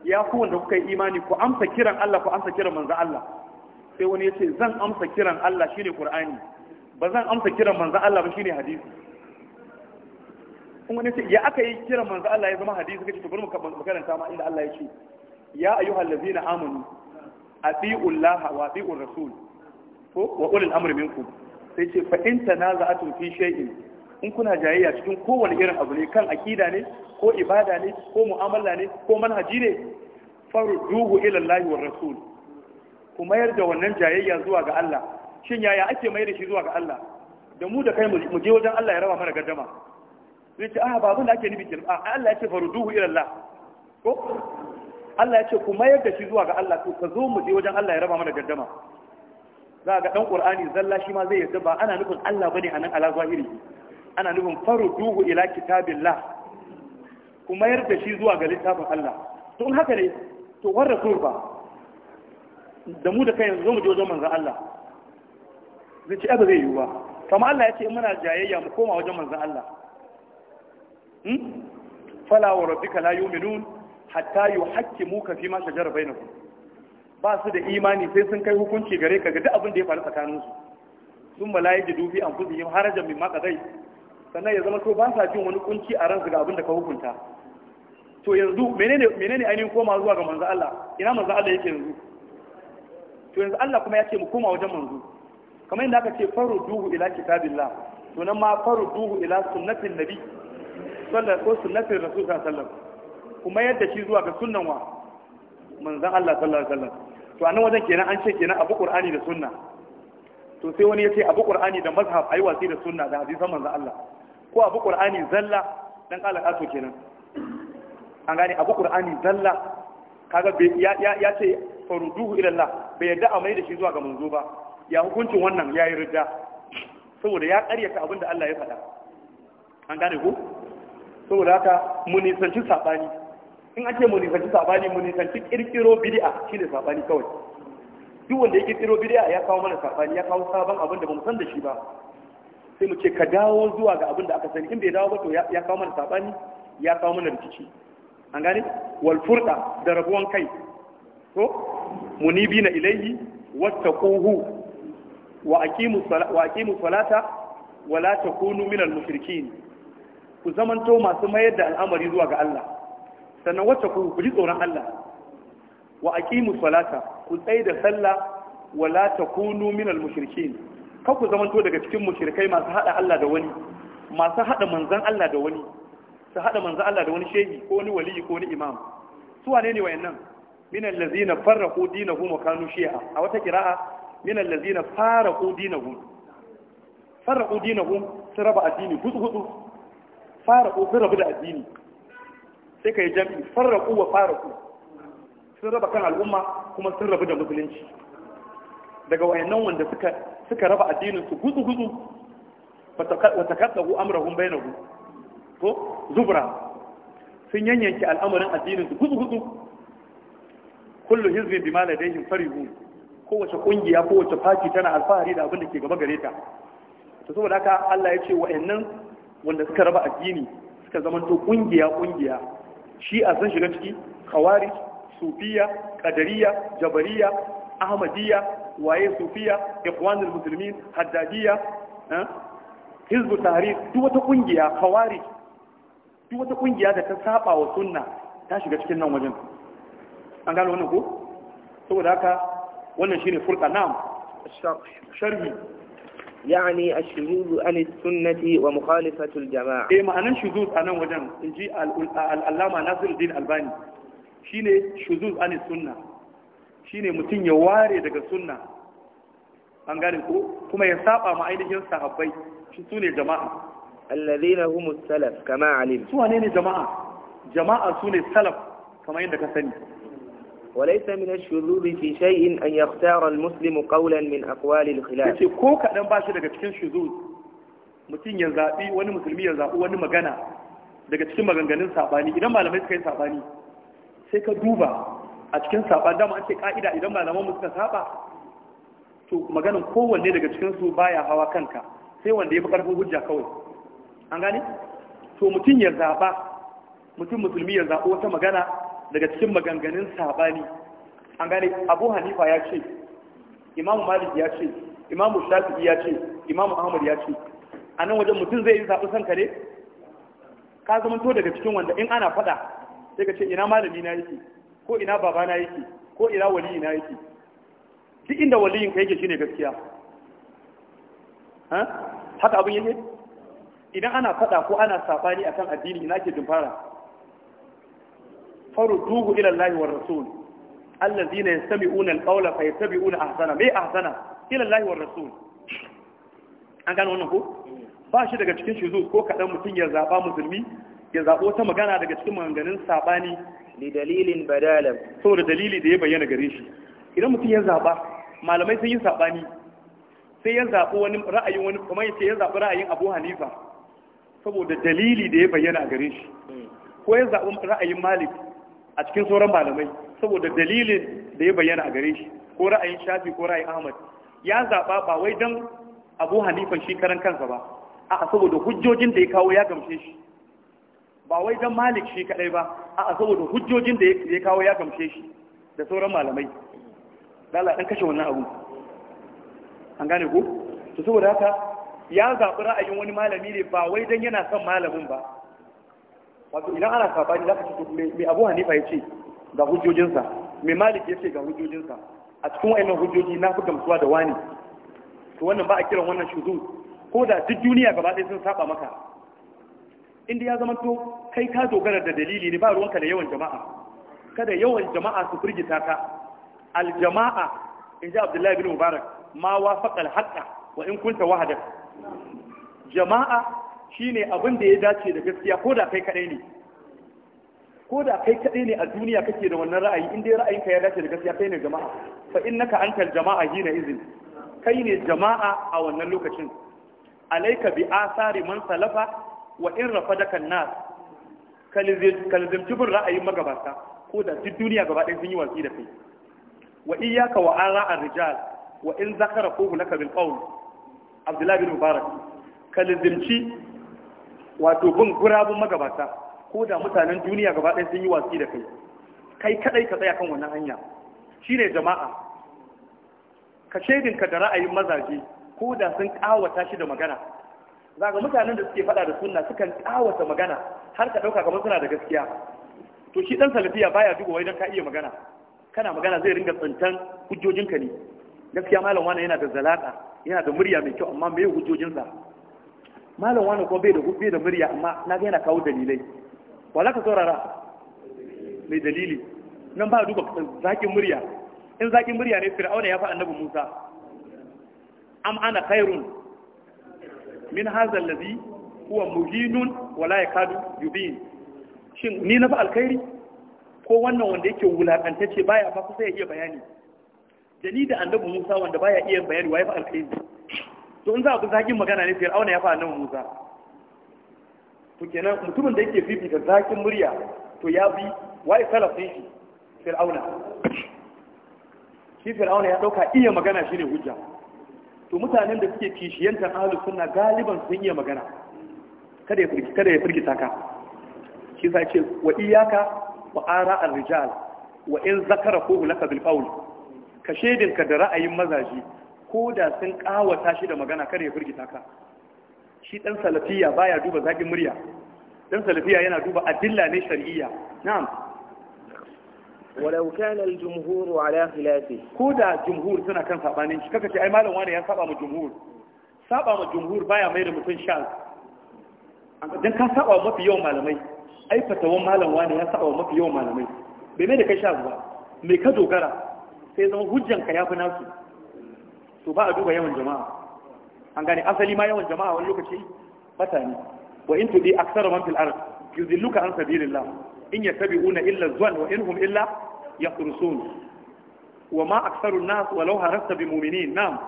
A: ya ku wanda kuka yi imani ku amsa kiran Allah ku amsa kiran manzo Allah sai wani yace zan amsa kiran Allah shine Qur'ani ba zan amsa kiran manzo Allah ba shine hadisi kuma nace ya aka yi kiran manzo Allah ya zama hadisi kace to bari mu karanta ma inda Allah ya ce ya ayyuhallazina amanu ati'u Allah wa ati'u rasul ko wa ulil amri minkum sai ce fa in tanaza'atum fi shay'in in kuna jayayya cikin kowane irin abu ne kan akida ne ko ibada ne ko mu'amala ne ko manhaji ne farduhu ila Allah wa rasul ku mayar da wannan jayayya zuwa ga Allah shin yaya ake mayar da shi zuwa ga Allah da mu da kai mu je wajen Allah ya raba mana gaddama zai ce ah babun da ake nufi kin ah Allah ya ce farduhu ila Allah ko Allah ya ce ku mayar da shi zuwa ga Allah to ka zo mu je wajen Allah ya raba mana gaddama za ga dan Qur'ani zalla shi ma zai yarda ba ana nufin Allah bane anan ala zahiri ana nufin faru, duhu ila kitabillah ku mayar da shi zuwa ga littafin Allah to in haka ne to warra kurba ba da mu da kai yanzu mu je wajen manzon Allah zai ci abu zai yi ba Kama Allah ya ce muna jayayya mu koma wajen manzon Allah hmm? fala wa rabbika la yu'minun hatta ka fi ma shajara bainakum ba su da imani sai sun kai hukunci gare ka ga duk abin da ya faru tsakaninsu sun malayi da dubi an fusi yin harajan min ma zai sannan ya zama ko ba sa jin wani kunci a ransu ga abin da ka hukunta to yanzu menene menene ainihin koma zuwa ga manzo Allah ina manzo Allah yake yanzu to yanzu Allah kuma ya ce mu koma wajen manzo kamar yadda aka ce faru duhu ila kitabillah to nan ma faru duhu ila sunnatin nabi sallallahu alaihi wasallam sunnatin rasul sallallahu alaihi wasallam kuma yadda shi zuwa ga sunnan wa manzo Allah sallallahu alaihi wasallam to anan wajen kenan an ce kenan abu qur'ani da sunna to sai wani ya ce abu qur'ani da mazhab ayi wasi da sunna da hadisan manzo Allah ko abu qur'ani zalla dan kala kaso kenan an gane abu qur'ani zalla kaga ya ya ya ce faruduhu ila Allah bai yadda a mai da shi zuwa ga manzo ba ya hukuncin wannan yayi ridda saboda ya karyata abin da Allah ya faɗa an gane ko saboda haka mu nisanci sabani in an ce mu nisanci sabani mu nisanci kirkiro bid'a shine sabani kawai duk wanda ya kirkiro bid'a ya kawo mana sabani ya kawo sabon abin da mu san da shi ba sai mu ce ka dawo zuwa ga abin da aka sani in bai dawo ba to ya kawo mana sabani ya kawo mana rikici an gane wal furda da rabuwan kai to munibina ilayhi wattaquhu wa aqimu salata wa aqimu salata wa la takunu minal mushrikeen ku zamanto masu mayar da al'amari zuwa ga Allah sannan wacce ku Ku ji tsoron Allah wa aqimu salata ku tsaya da sallah wa la takunu minal mushrikeen kan ku zamanto daga cikin mushrikai masu hada Allah da wani masu hada manzan Allah da wani su hada manzan Allah da wani shehi ko wani wali ko wani imam su wane ne wayannan min allazina farraqu dinahum wa kanu shi'a a wata qira'a min allazina farraqu dinahum farraqu dinahum su raba addini hudu hudu farraqu su raba da addini sai kai jami'i farraqu wa farraqu sun raba kan al'umma kuma sun rabu da musulunci daga wayannan wanda suka suka raba addinin su gutsu gutsu wa bai na bainahum ko zubra sun yanyanki al'amarin addinin su gudu gutsu kullu hizbin bima ladayhim farihu kowace kungiya kowace faki tana alfahari da abin da ke gaba gare ta to saboda haka Allah ya ce wa'annan wanda suka raba addini suka zamanto kungiya kungiya shi a san shiga ciki kawari sufiya qadariya jabariya ahmadiyya waye sufiya ikhwanul muslimin haddadiyya hizbu tahrir duk wata kungiya khawarij duk wata kungiya da ta saba wa sunna ta shiga cikin nan wajen an gano wannan ko saboda haka wannan shine furqa na'am sharhi يعني الشذوذ عن السنة ومخالفة الجماعة إيه معنى الشذوذ أنا وجن نجي العلامة ناصر الدين الألباني شيني شذوذ عن السنة shine mutum ya ware daga sunna an gane ko kuma ya saba ma ainihin sahabbai shi su ne jama'a alladhina hum salaf kama alim su wane ne jama'a jama'a su ne salaf kama yadda ka sani وليس من الشذوذ في شيء أن يختار المسلم min من أقوال الخلاف yace ko kadan shi daga cikin shuzuz mutum ya zabi wani musulmi ya zabi wani magana daga cikin maganganun sabani idan malamai suka yi sabani sai ka duba a cikin saba dama ake ka'ida idan malaman mu suka saba to maganin kowanne daga cikinsu baya hawa kanka sai wanda ya fi karfin hujja kawai an gane to mutum ya zaba mutum musulmi ya zabo wata magana daga cikin maganganun saɓani. an gane abu hanifa ya ce imamu malik ya ce imamu shafi'i ya ce imamu ahmad ya ce a nan wajen mutum zai yi zaɓi sanka ne ka zama to daga cikin wanda in ana faɗa sai ka ce ina malami na yake ko ina babana yake ko ina waliyi na yake duk inda waliyin ka yake shine gaskiya Ha? haka abin yake idan ana fada ko ana sabani akan addini ina ke dumfara farudduhu ila Allah war rasul allazina yastami'una al-qawla yattabi'una ahsana mai ahsana ila Allah war rasul an gano wannan ko ba shi daga cikin shi ko kadan mutun ya zaba musulmi ya zabo ta magana daga cikin maganganun sabani li dalilin badala saboda dalili da ya bayyana gare shi idan mutum ya zaɓa, malamai sun yi sabani sai ya zaɓi wani ra'ayin wani kuma yace ya zaɓi ra'ayin Abu Hanifa saboda dalili da ya bayyana a gare shi ko ya zaɓi ra'ayin Malik a cikin sauran malamai saboda dalilin da ya bayyana a gare shi ko ra'ayin Shafi ko ra'ayin Ahmad ya zaɓa ba wai don Abu Hanifa shi karan kansa ba a'a saboda hujjojin da ya kawo ya gamshe shi ba wai dan malik shi kadai ba a saboda hujjojin da ya kawo ya gamshe shi da sauran malamai lala dan kashe wannan abu an gane ku? to saboda haka ya zaɓi ra'ayin wani malami ne ba wai dan yana son malamin ba wato idan ana sabani za ka ce mai abu hanifa ya ce ga hujjojinsa mai malik ya ce ga hujjojinsa a cikin wa'annan hujjoji na fi gamsuwa da wani to wannan ba a kiran wannan shudu ko da duk duniya gaba ɗaya sun saba maka inda ya zamanto kai ka dogara da dalili ne ba ruwanka da yawan jama'a kada yawan jama'a su firgita ka aljama'a in ji abdullahi bin mubarak ma wafaqa alhaqqa wa in kunta wahdak jama'a shine abin da ya dace da gaskiya ko da kai kadai ne ko da kai kadai ne a duniya kake da wannan ra'ayi in dai ra'ayinka ya dace da gaskiya kai ne jama'a fa innaka antal jama'a hina izin kai ne jama'a a wannan lokacin alaika bi asari man salafa wa in rafadaka nas kalzimci bin ra'ayin magabata ko da duk duniya gaba ɗaya sun yi watsi da kai wa iyyaka wa ara ar-rijal wa in zakara ko laka bil qawl abdullahi bin mubarak kalzimci wato bin gurabun magabata ko da mutanen duniya gaba ɗaya sun yi watsi da kai kai kadai ka tsaya kan wannan hanya shine jama'a ka shaidinka da ra'ayin mazaje ko da sun kawata shi da magana za ga mutanen da suke faɗa da sunna sukan kawata magana har ka ɗauka kamar suna da gaskiya to shi ɗan salafiya baya duba wai don ka iya magana kana magana zai ringa tsintan hujjojinka ne gaskiya malam wani yana da zalaka yana da murya mai kyau amma mai hujjojinsa malam wani kuma bai da bai da murya amma na ga yana kawo dalilai wala ka saurara mai dalili nan ba duba zakin murya in zakin murya ne fir'auna ya fa annabi Musa am ana khairun min haza ladhi huwa muhinun wala yakadu yubin shin ni na fa alkhairi ko wannan wanda yake wulakantacce baya fa kusa ya iya bayani da ni da annabi Musa wanda baya iya bayani wa ya fa alkhairi to in za ku zagin magana ne fir'auna ya fa annabi Musa to kenan mutumin da yake da zakin murya to ya bi wa ya salafin shi fir'auna shi fir'auna ya dauka iya magana shine hujja to mutanen da suke kishiyantar ahlus suna galiban sun iya magana kada ya kada firgita ka shi ce wa iyyaka wa ara ar-rijal wa in ko laka bil qawl ka ka da ra'ayin mazaji ko da sun kawata shi da magana kada ya firgita ka shi dan salafiya baya duba zagin murya dan salafiya yana duba adilla ne shar'iyya na'am walau kana al-jumhur ala khilafi ko da jumhur tana kan sabanin shi kaka ce ai malam wani ya saba mu jumhur saba mu jumhur baya mai da mutun shan dan ka saba mafi yawan malamai ai fatawan malam wani ya saba mafi yawan malamai bai mai kai shan ba mai ka dogara sai zama hujjanka ya fi nasu to ba a duba yawan jama'a an gane asali ma yawan jama'a wani lokaci bata ne wa in tudi aksara man in yattabi'una illa zwan wa inhum illa yakhrusun wa ma aktharu an-nas walau harasta bi mu'minin nam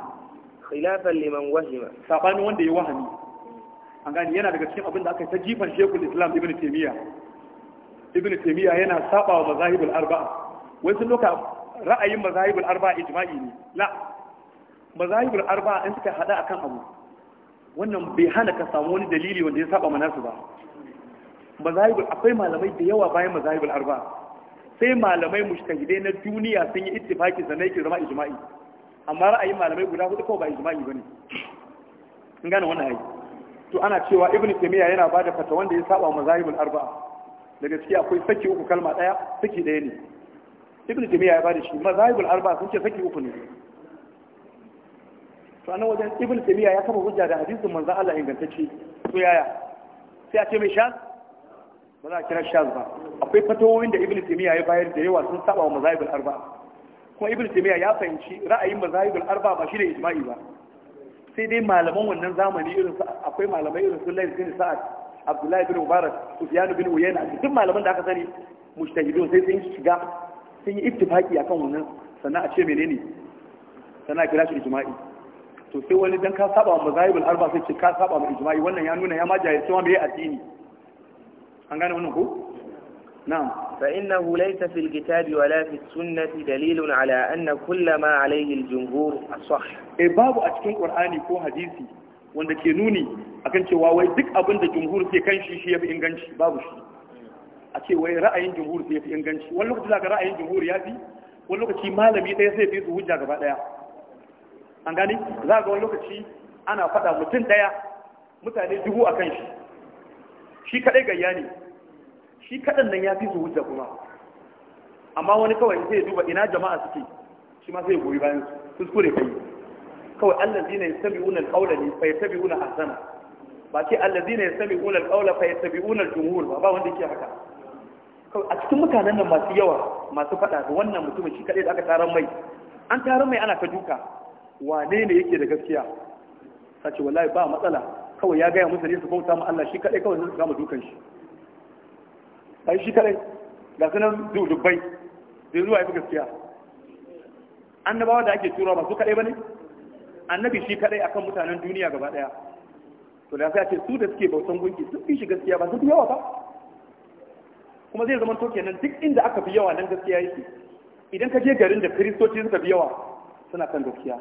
A: khilafan liman wahima sabani wanda ya wahami an gani yana daga cikin abin da aka yi ta jifan shekul islam ibn taymiya ibn taymiya yana saba wa mazahibul arba'a wai sun loka ra'ayin mazahibul arba'a ijma'i ne la mazahibul arba'a in suka hada akan abu wannan bai hana ka samu wani dalili wanda ya saba manasu ba mazahibul akwai malamai da yawa bayan mazahibul arba sai malamai mushtahidai na duniya sun yi ittifaki sanai yake zama ijma'i amma ra'ayin malamai guda hudu kawai ba ijma'i bane in gane wannan ai to ana cewa ibnu taymiya yana bada fata wanda ya saba mazahibul arba'a daga ciki akwai saki uku kalma daya saki daya ne ibnu taymiya ya bada shi mazahibul arba'a sun ce saki uku ne to anan wajen ibnu taymiya ya kafa hujja da hadisin manzo Allah ingantacce to yaya sai a ce mai sha ba za a kira shaz ba akwai fatawoyin da ibn timiya ya bayar da yawa sun saba wa mazahibul arba kuma ibn timiya ya fahimci ra'ayin mazahibul arba ba shi da ijma'i ba sai dai malaman wannan zamani irin su akwai malamai irin su Lais bin Sa'ad Abdullahi bin Mubarak Sufyan bin Uyayna duk malaman da aka sani mujtahidun sai sun shiga sun yi ittifaki akan wannan sannan a ce menene sannan kira shi ijma'i to sai wani dan ka saba wa mazahibul arba sai ce ka saba wa ijma'i wannan ya nuna ya ma jahilci ma me addini an gane wannan ko نعم فإنه ليس في الكتاب ولا في السنة دليل على أن كل ما عليه E, babu a cikin قرآني ko hadisi wanda ke nuni akan cewa wai duk abin da jumhur ke kan shi shi yafi inganci babu shi a ce wai ra'ayin jumhur sai yafi inganci wani lokaci zaka ra'ayin jumhur ya fi wani lokaci malami ɗaya sai fi su hujja gaba ɗaya an gani za ga wani lokaci ana faɗa mutum ɗaya mutane dubu akan shi shi kaɗai gayya ne shi kaɗan nan ya fi su hujja kuma amma wani kawai sai duba ina jama'a suke shi ma sai goyi bayan su kuskure kai kawai allazina yastabi'una alqawla ne fa yastabi'una ahsana ba ce allazina yastabi'una alqawla fa yastabi'una aljumhur ba ba wanda yake haka kawai a cikin mutanen nan masu yawa masu fada da wannan mutumin shi kaɗai da aka tarar mai an tarar mai ana ta duka wane ne yake da gaskiya sace wallahi ba matsala kawai ya gaya musu ne su bauta ma Allah shi kadai kawai sun kama dukan shi ai shi kadai ga sunan dubbai da zuwa yafi gaskiya annabawa da ake turawa ba su kadai bane annabi shi kadai akan mutanen duniya gaba daya to da sai ce su da suke bautan gunki sun fi shi gaskiya ba su fi yawa ba kuma zai zama to kenan duk inda aka fi yawa nan gaskiya yake idan ka je garin da kristoci suka fi yawa suna kan gaskiya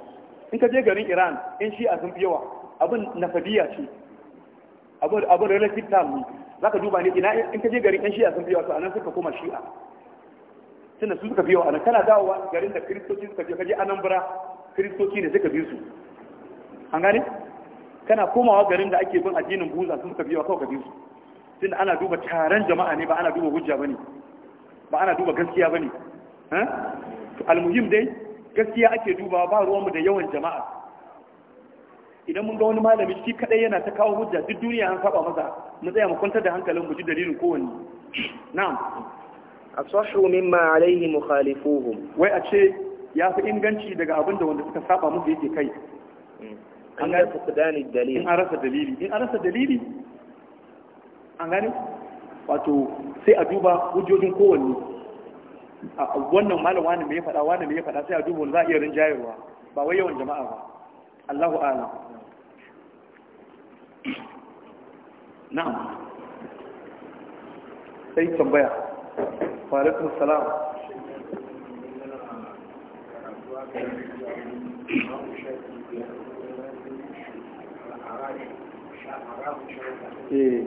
A: in ka je garin iran in a sun fi yawa abin fadiya ce abin relative term ne za ka duba ne ina in ka je garin yan shi'a sun biya to anan suka koma shi'a da su suka biya anan kana dawowa garin da kiristoci suka biya kaje anambra kiristoci ne suka bi su an gane kana komawa garin da ake bin addinin buza sun suka biya kawai ka bi su tunda ana duba taron jama'a ne ba ana duba hujja bane ba ana duba gaskiya bane eh almuhim dai gaskiya ake dubawa ba ruwanmu da yawan jama'a idan mun ga wani malami shi kadai yana ta kawo hujja duk duniya an saba masa mu tsaya mu kwantar da hankalin mu ji dalilin kowanne na'am asahu mimma alaihi mukhalifuhum wai a ce ya fi inganci daga abin da wanda suka saba musu yake kai mm. an ga kudani dalili in an rasa dalili in an rasa dalili an gane wato sai a duba hujjojin kowanne A wannan malam wani mai faɗa wani mai faɗa sai a duba wanda za a iya rinjayewa ba wai yawan jama'a ba Allahu a'lam na'am sai tambaya farikun salam eh.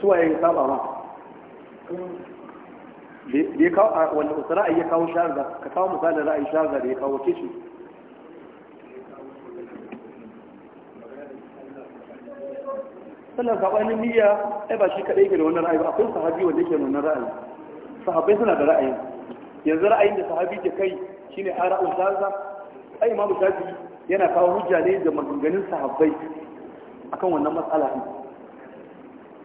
A: suwaye ya saba ma da ya kawo wanda ra'ayi ya kawo shahar ka kawo misalin ra'ayi shahar da ya kawo kishi sannan sabanin niyya ai ba shi kadai ke da wannan ra'ayi ba akwai sahabi wanda yake da wannan ra'ayi sahabbai suna da ra'ayi yanzu ra'ayin da sahabi ke kai shine ara'u zaza ai imamu shafi yana kawo hujja ne da maganganun sahabbai akan wannan matsala din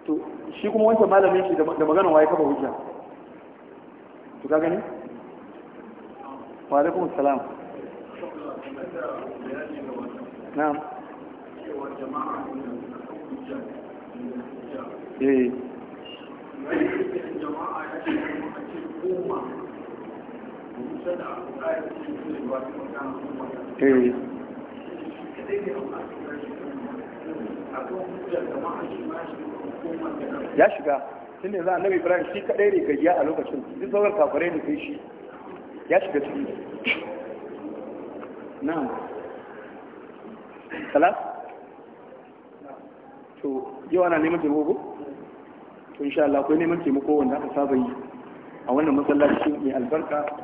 A: to shi kuma wancan malamin shi da magana waye kafa hujja to ka gani wa alaikum salam na'am jama'a Eh. Eh. ya shiga tun da za a nabi ibrahim shi kadai ne gajiya a lokacin duk sauran kafirai ne kai shi ya shiga ciki na salas to wa na neman jirgin to insha Allah akwai neman taimako wanda aka saba yi a wannan masallaci mai albarka